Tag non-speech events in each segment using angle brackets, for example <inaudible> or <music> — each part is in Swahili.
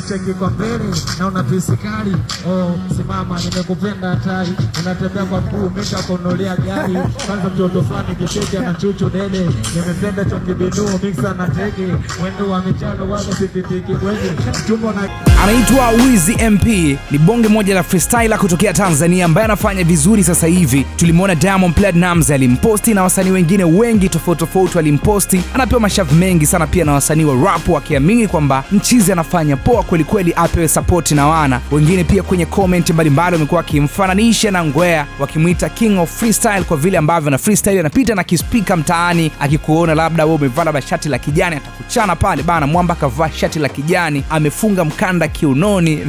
nacheki kwa mbele na una pisikali. Oh, simama, nimekupenda hatari, unatembea kwa mguu mitakunulia gari kwanza mtoto fulani kicheke na chuchu dede, nimependa chokibinuu miksa na tege wendo wa michano wala sipitiki kwezi chumbo na anaitwa Wizi MP ni bonge moja la freestyle kutokea Tanzania ambaye anafanya vizuri sasa hivi. Tulimwona Diamond Platnumz alimposti na wasanii wengine wengi tofauti tofauti walimposti. Anapewa mashavu mengi sana pia na wasanii wa rap wakiamini kwamba mchizi anafanya poa kweli kweli apewe sapoti na wana wengine. Pia kwenye comment mbalimbali wamekuwa wakimfananisha na Ngwea, wakimwita king of freestyle kwa vile ambavyo na freestyle anapita na kispika mtaani, akikuona labda wewe umevaa labda shati la kijani atakuchana pale bana. Mwamba akavaa shati la kijani, amefunga mkanda kiunoni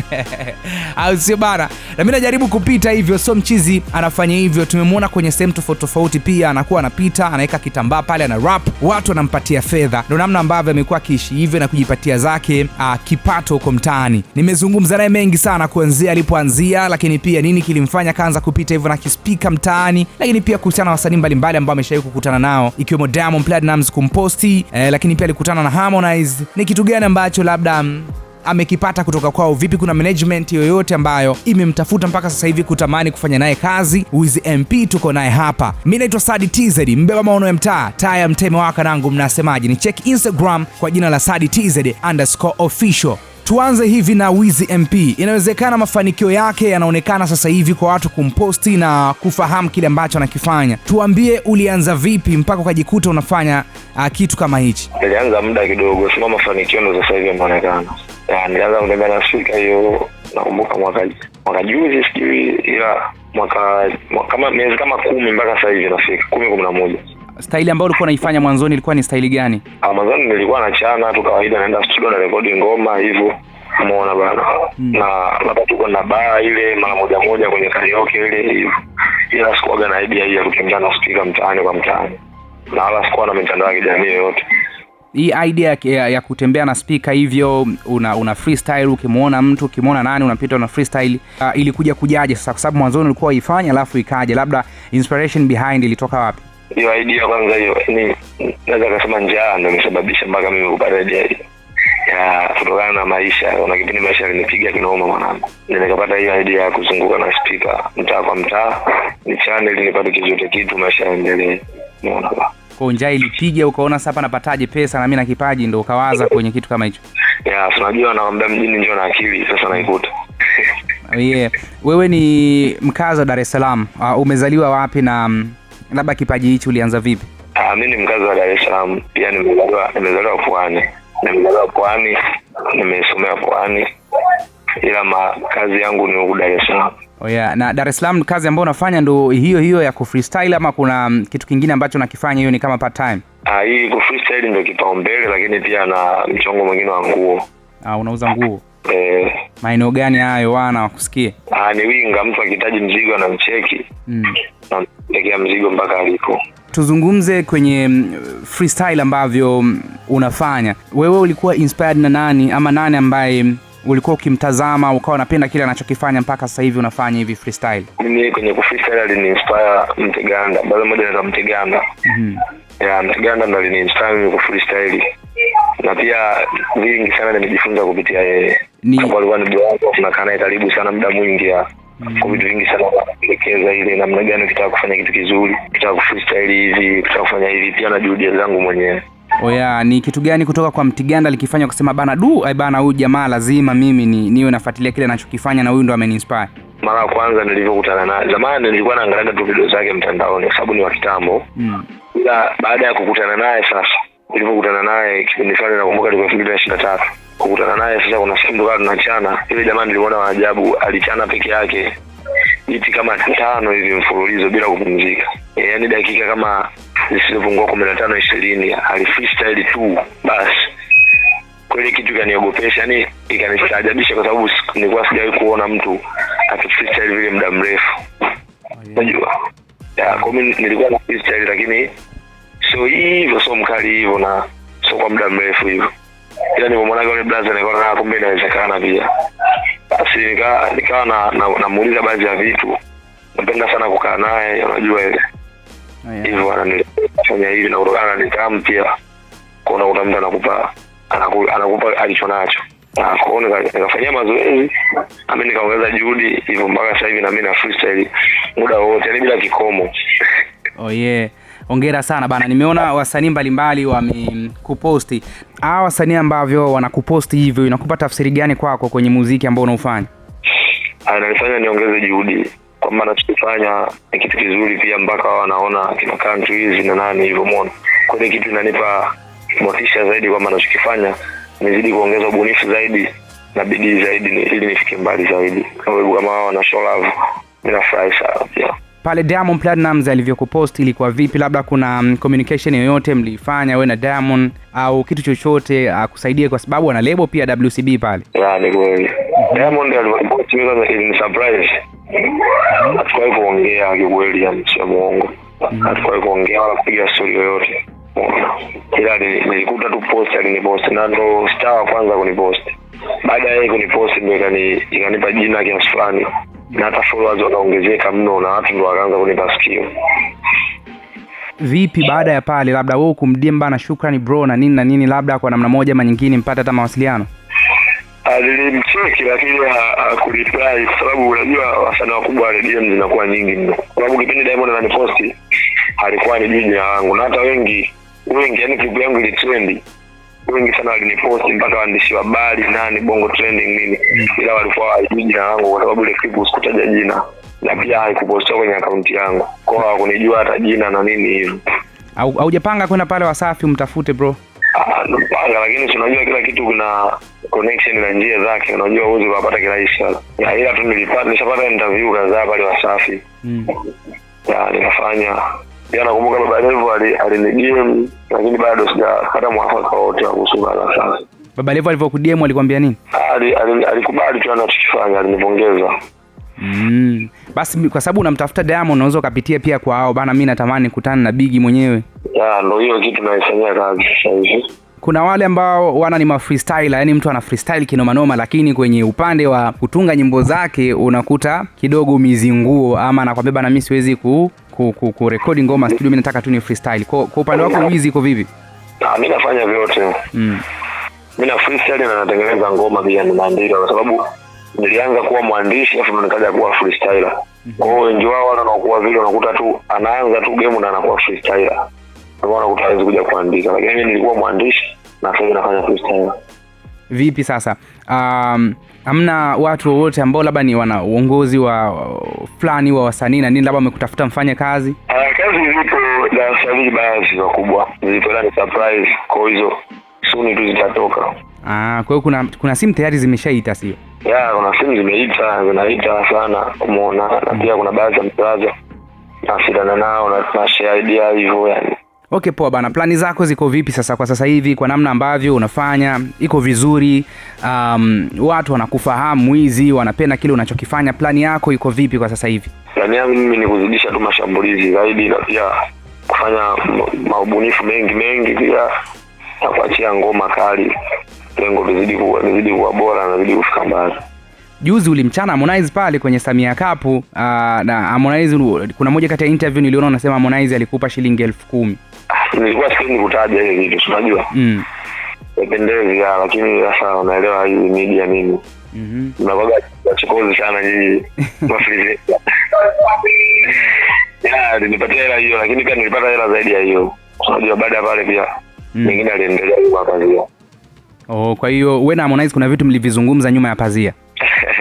<laughs> au sio bana? Na mimi najaribu kupita hivyo, so mchizi anafanya hivyo. Tumemwona kwenye sehemu tofauti tofauti, pia anakuwa anapita anaweka kitambaa pale, ana rap, watu wanampatia fedha. Ndio namna ambavyo amekuwa akiishi hivyo na kujipatia zake a, ah, kipato yupo mtaani. Nimezungumza naye mengi sana, kuanzia alipoanzia, lakini pia nini kilimfanya kaanza kupita hivyo na kispika mtaani, lakini pia kuhusiana na wasanii mbalimbali ambao ameshawahi kukutana nao ikiwemo Diamond Platnumz kumposti eh, lakini pia alikutana na Harmonize. Ni kitu gani ambacho labda mm, amekipata kutoka kwao? Vipi, kuna management yoyote ambayo imemtafuta mpaka sasa hivi kutamani kufanya naye kazi? With MP tuko naye hapa. Mi naitwa Sadi TZ, mbeba maono ya mtaa, taa ya mteme nangu, mnasemaje? Ni check Instagram kwa jina la Sadi TZ underscore official. Tuanze hivi na Wizzy MP. Inawezekana mafanikio yake yanaonekana sasa hivi kwa watu kumposti na kufahamu kile ambacho anakifanya. Tuambie, ulianza vipi mpaka ukajikuta unafanya uh, kitu kama hichi? Nilianza muda kidogo, sima mafanikio ndo sasa hivi yanaonekana. Nilianza kutembea na spika hiyo, nakumbuka mwaka mwaka juzi, sijui ila mwaka kama miezi kama kumi mpaka sasa hivi nafika kumi kumi na moja staili ambayo ulikuwa unaifanya mwanzoni ilikuwa ni staili gani? Ah, mwanzoni nilikuwa nachana tu kawaida, naenda studio na rekodi ngoma hivyo, umeona bana. Hmm. Na labda tuko na baa ile mara moja moja kwenye karaoke ile hivyo, ila sikuwaga na idea hii ya kutembea na spika mtaani kwa mtaani, na wala sikuwa na mitandao ya kijamii yoyote hii idea ya, ya kutembea na spika hivyo una, una freestyle ukimwona mtu ukimwona nani unapita una freestyle uh, ilikuja kujaje sasa? Kwa sababu mwanzoni ulikuwa uifanya, alafu ikaje? Labda inspiration behind ilitoka wapi? hiyo idea kwanza, hiyo ni yaani naweza kusema njaa ndio imesababisha mpaka mimi kupata idea hiyo ya kutokana na maisha. Kuna kipindi maisha alinipiga kinauma mwanangu, nikapata hiyo idea ya kuzunguka na spika mtaa kwa mtaa, ni channel nipate chochote kitu, maisha yaendelee. Unaona kwa njaa ilipiga, ukaona sasa hapa napataje pesa na mimi na kipaji, ndio ukawaza kwenye kitu kama hicho. Yeah, unajua nakwambia, mjini njoo na akili, sasa naikuta <laughs> yeah. Wewe ni mkazi wa Dar es Salaam, uh, umezaliwa wapi na um... Labda kipaji hichi ulianza vipi? Ah, mimi ni mkazi wa Dar es Salaam, pia nimezaliwa nimezaliwa Pwani, nimezaliwa Pwani, nimesomea Pwani, ila makazi yangu ni huku Dar es Salaam. Oh yeah. Na Dar es Salaam kazi ambayo unafanya ndo hiyo hiyo ya kufreestyle ama kuna mm, kitu kingine ambacho unakifanya hiyo ni kama part time? Ah, hii kufreestyle ndio kipaumbele, lakini pia na mchongo mwingine wa nguo. Ah, unauza nguo? Eh. Maeneo gani hayo wana wakusikie? Ah, ni winga, mtu akihitaji mzigo anamcheki mm. mzigo mpaka alipo. Tuzungumze kwenye mm, freestyle ambavyo mm, unafanya wewe, ulikuwa inspired na nani ama nani ambaye mm, ulikuwa ukimtazama ukawa unapenda kile anachokifanya mpaka sasa hivi unafanya hivi freestyle? Mimi kwenye kufreestyle aliniinspire Mteganda, baada moja naita Mteganda mm -hmm. ya Mteganda ndo aliniinspire mimi kufreestyle, na pia vingi sana nimejifunza kupitia yeye ni kwa walikuwa bwana wangu, tunakaa naye karibu sana muda mwingi ya mm. kwa vitu vingi sana kuelekeza ile namna gani ukitaka kufanya kitu kizuri, ukitaka kufreestyle hivi, ukitaka kufanya hivi, pia na juhudi zangu mwenyewe. Oya, oh, ni kitu gani kutoka kwa Mtiganda likifanya kusema bana du ai bana, huyu jamaa lazima mimi ni niwe nafuatilia kile anachokifanya na huyu ndo ameninspire Mara ya kwanza nilivyokutana naye, zamani nilikuwa naangalia tu video zake mtandaoni kwa sababu ni wa kitambo mm. ila baada ya kukutana naye sasa, nilivyokutana naye kipindi fulani, nakumbuka ilikuwa elfu mbili na ishirini na tatu kukutana naye. Sasa kuna siku ndo tunachana ile, jamaa niliona waajabu, alichana peke yake iti kama tano hivi mfululizo bila kupumzika, yaani dakika kama zisizopungua kumi na tano ishirini, ali alifreestyle tu basi. Kweli kitu ikaniogopesha, yani ikanistaajabisha, kwa sababu nilikuwa sijawahi kuona mtu akifreestyle vile muda mrefu, unajua. Kwa mimi nilikuwa na freestyle, lakini sio hivyo, sio mkali hivyo na sio kwa muda mrefu hivyo ila nilipomwona yule blaza nikaona kumbe inawezekana pia. Basi nikawa nika namuuliza na, baadhi ya vitu, napenda sana kukaa naye, unajua ile oh, hivyo ananifanya hivi na kutokana na nidhamu pia, Kuna kuna mtu anakupa anakupa, alicho nacho kwao, nikafanyia mazoezi nami nikaongeza juhudi hivyo mpaka sasa hivi, nami na freestyle muda wote, yani bila kikomo. oh yeah Hongera sana bana, nimeona wasanii mbalimbali wamekuposti. Hawa wasanii ambavyo wanakuposti hivyo, inakupa tafsiri gani kwako kwenye muziki ambao unaofanya? Ah, inanifanya niongeze juhudi kwamba nachokifanya ni kitu kizuri, pia mpaka wanaona kina kantri hizi na nani hivyo, kwani kitu inanipa motisha zaidi kwamba nachokifanya nizidi kuongeza ubunifu zaidi na bidii zaidi ili nifike mbali zaidi. Kama wao wana show sana pia pale Diamond Platnumz alivyokupost ilikuwa vipi? Labda kuna mm, communication yoyote mlifanya we na Diamond au kitu chochote akusaidie, uh, kwa sababu ana lebo pia WCB pale. Ni kweli mhm. Diamond alivyopost ilini surprise, mhm. hatukuwahi kuongea kikweli, amsio muongo, mhm. hatukuwahi kuongea wala kupiga stori yoyote, ila nilikuta tu post alinipost, na ndo star wa kwanza kunipost. Baada ya yeye kunipost ndo ikanipa jina kiasi fulani na hata followers wakaongezeka mno na watu ndo wakaanza kunipa sikio. Vipi baada ya pale, labda wewe kumdie bana, shukrani bro na nini na nini, labda kwa namna moja ama nyingine mpata hata mawasiliano? Nilimcheki lakini hakureply kwa sababu unajua wasanii wakubwa DM zinakuwa nyingi mno, kwa sababu kipindi Diamond ananiposti alikuwa ni jina langu na hata wengi wengi, yani klipu yangu ilitrendi wengi sana waliniposti mpaka waandishi wa habari nani bongo trending nini mm. ila walikuwa hawajui jina langu kwa sababu ile clip usikutaja jina na pia haikupostiwa kwenye akaunti yangu kwao hawakunijua hata jina na nini hivyo haujapanga kwenda pale wasafi umtafute bro ah, panga lakini unajua kila kitu kuna connection na njia zake unajua uwezi ukapata kirahisi sana ila tu nilipata nishapata interview kadhaa pale wasafi mm. ya nikafanya ya nakumbuka Baba Levo alinidimu, lakini bado sijapata mwafaka wote wa kuhusu na sasa. Baba Levo alivyokudimu alikwambia nini? Alikubali tu anachokifanya, alinipongeza. Mm. Basi kwa sababu unamtafuta Diamond unaweza ukapitia pia kwa hao bana, mimi natamani kukutana na Bigi mwenyewe. Ya ndio hiyo kitu naifanyia kazi sasa hivi. Kuna wale ambao wana ni mafreestyler, yani mtu ana freestyle kinoma noma, lakini kwenye upande wa kutunga nyimbo zake unakuta kidogo mizinguo, ama anakwambia bana, mimi siwezi ku kurekodi ku, ku rekodi ngoma studio, mimi nataka tu ni freestyle. Kwa kwa upande wako wizi iko vipi? Na mimi nafanya vyote. Mm. Mimi na freestyle na natengeneza ngoma pia na maandiko kwa sababu nilianza kuwa mwandishi afu nikaja kuwa freestyler. Mm -hmm. Kwa hiyo wengi wao wanakuwa vile unakuta tu anaanza tu game na anakuwa freestyler. Kwa hiyo unakuta hawezi kuja kuandika. Lakini mimi nilikuwa mwandishi na sasa nafanya freestyler vipi sasa, um, amna watu wowote ambao labda ni wana uongozi wa fulani wa wasanii na nini, labda wamekutafuta mfanye kazi? Uh, kazi zipo na wasanii baadhi wakubwa zipo, ni surprise kwa hizo suni tu zitatoka. Ah, kwa hiyo kuna kuna simu tayari zimeshaita, sio ya kuna simu zimeita zinaita sana umona na pia kuna baadhi ya mtaza nashindana nao na share idea hivyo yani Okay, poa bana. Plani zako ziko vipi sasa kwa sasa hivi kwa namna ambavyo unafanya? Iko vizuri? Um, watu wanakufahamu hizi, wanapenda kile unachokifanya. Plani yako iko vipi kwa sasa hivi? Plani yangu mimi ni kuzidisha tu mashambulizi zaidi na pia kufanya maubunifu mengi mengi pia na kuachia ngoma kali. Lengo lizidi kuwa lizidi kuwa bora na lizidi kufika mbali. Juzi ulimchana Harmonize pale kwenye Samia kapu uh, na Harmonize, kuna moja kati ya interview niliona unasema Harmonize alikupa shilingi elfu kumi nilikuwa sipendi kutaja hiyo vitu, unajua mm. Ipendezi lakini sasa unaelewa hii media nini mnakwaga mhm. mm -hmm. wachokozi sana nyinyi wafilizeta <laughs> nilipatia hela hiyo, lakini pia nilipata hela zaidi ya hiyo, unajua baada ya pale pia mm. aliendelea nyuma ya pazia. Oh, kwa hiyo we na Harmonize kuna vitu mlivizungumza nyuma ya pazia?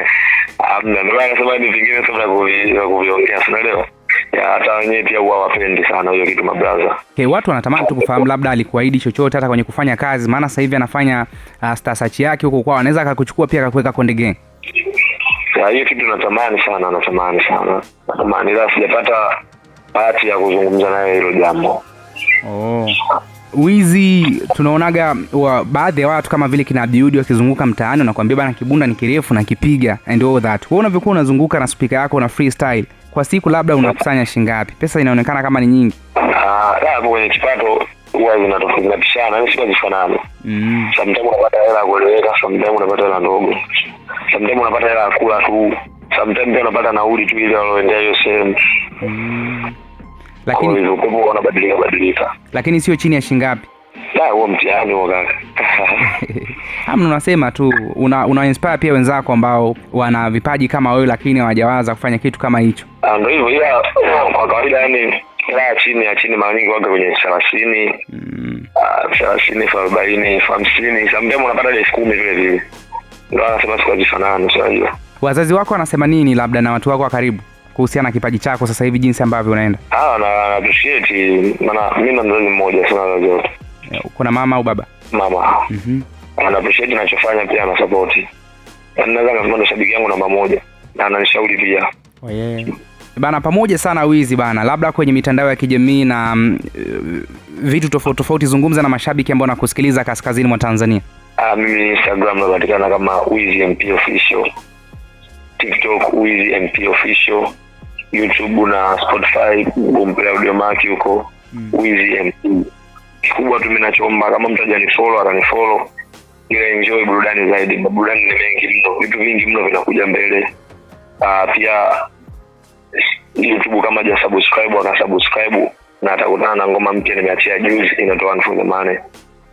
<laughs> Hamna, ndio maana nasema ni vingine sasa vya kuviongea, sinaelewa hata wenyewe pia huwa wapendi sana hiyo kitu mabraza. Okay, watu wanatamani tu kufahamu labda alikuahidi chochote hata kwenye kufanya kazi, maana sasa hivi anafanya uh, star search yake huko kwao, anaweza akakuchukua pia akakuweka Konde Gang. Hiyo kitu natamani sana, natamani sana, natamani, ila sijapata bahati ya kuzungumza naye hilo jambo. Oh wizi tunaonaga wa baadhi ya watu kama vile kina abdiudi wakizunguka mtaani, nakwambia bana, kibunda ni kirefu na kipiga and all that. Wewe unavyokuwa unazunguka na spika yako na freestyle, kwa siku labda unakusanya shilingi ngapi? Pesa inaonekana kama ni nyingi. Ah, kwenye kipato huwa zinapishana, yani zinafanana. Mm. Sometimes unapata hela ya kueleweka, sometimes unapata hela ndogo, sometimes unapata hela ya kula tu, sometimes unapata nauli tu ile waloendea hiyo sehemu. Mm lakini hizo kubwa wanabadilika badilika, lakini sio chini ya shilingi ngapi? Huo mtihani huo kaka. Hamna, <laughs> unasema tu una, una inspire pia wenzako ambao wana vipaji kama wewe, lakini hawajawaza kufanya kitu kama hicho. Ah, ndio hivyo, ila eh, kwa kawaida yani hela ya chini ya chini mara nyingi waga kwenye thelathini mm. ah, thelathini elfu arobaini elfu hamsini samdemu unapata elfu kumi vile vile, ndo anasema siku sikuajifanana. Unajua wazazi wako wanasema nini, labda na watu wako wa karibu kuhusiana na kipaji chako sasa hivi jinsi ambavyo unaenda? Ah, na appreciate maana mimi na mzazi mmoja, sana wazazi wote. Eh, na mama au baba? Mama. Mhm. Ana appreciate ninachofanya pia na support. Yaani naweza kusema ndo shabiki yangu namba moja na ananishauri pia. Oh, yeah. Bana, pamoja sana wizi bana, labda kwenye mitandao ya kijamii na mm, vitu tofauti tofauti, zungumza na mashabiki ambao nakusikiliza kaskazini mwa Tanzania. Ah, mimi Instagram napatikana kama Wizi MP Official, TikTok Wizi MP Official, YouTube na Spotify, gombelea audio maki huko mm. Wizzy MC. Eh, kikubwa tu ninachoomba kama mtu ajani atani akanifollow, ile enjoy burudani zaidi. Burudani ni mengi mno, vitu vingi mno vinakuja mbele. Uh, pia YouTube kama ja subscribe ana subscribe na atakutana na ngoma mpya nimeachia juzi inatoa Run for the Money.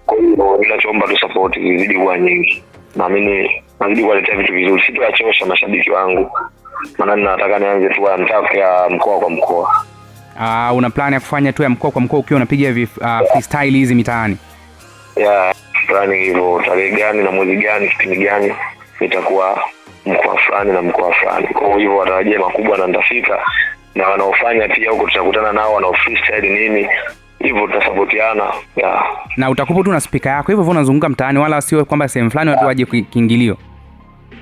Kwa hiyo ninachoomba tu support izidi kuwa nyingi, naamini nazidi kuwaletea vitu vizuri, sitoachosha mashabiki wangu maanani nataka nianze tu nataka ya mkoa kwa mkoa. Ah, una plan ya kufanya tu ya mkoa kwa mkoa ukiwa unapiga ah, freestyle hizi mitaani? Yeah, fulani hivyo, tarehe gani na mwezi gani kipindi gani itakuwa mkoa fulani na mkoa fulani. Kwa hiyo watarajia makubwa na nitafika na wanaofanya pia huko tutakutana nao wanao freestyle nini hivyo tutasapotiana yeah. Na utakupo tu na speaker yako hivyo hivyo unazunguka mtaani, wala sio kwamba sehemu fulani watu waje kiingilio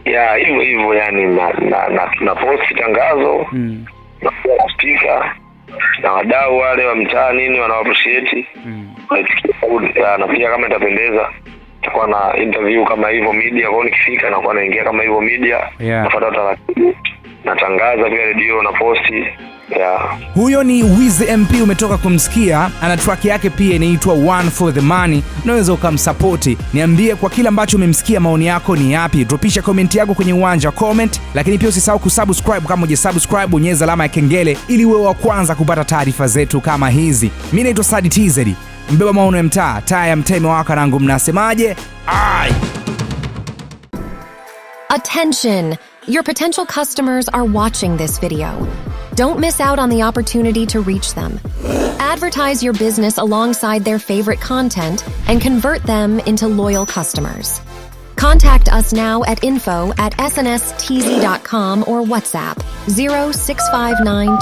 ya hivyo hivyo, yani na, na, na tunaposti tangazo mm. na spika na wadau wale wa mtaa nini wana appreciate mm. na pia uh, kama itapendeza takuwa na interview kama hivyo media kwao, nikifika nakuwa naingia kama hivyo media yeah. nafuata taratibu natangaza pia redio na posti yeah. Huyo ni Wiz MP, umetoka kumsikia, ana track yake pia inaitwa One for the Money, unaweza ukamsapoti. Niambie kwa kile ambacho umemsikia, maoni yako ni yapi? Dropisha comment yako kwenye uwanja comment, lakini pia usisahau kusubscribe. Kama hujasubscribe, bonyeza alama ya kengele ili uwe wa kwanza kupata taarifa zetu kama hizi. Mi naitwa Sadi TZ, mbeba maono ya mtaa, taa ya mtemi imewaka, nangu mnasemaje? Attention. Your potential customers are watching this video. Don't miss out on the opportunity to reach them. Advertise your business alongside their favorite content and convert them into loyal customers. Contact us now at info at snstz.com or WhatsApp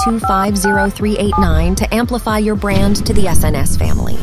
0659250389 to amplify your brand to the SNS family.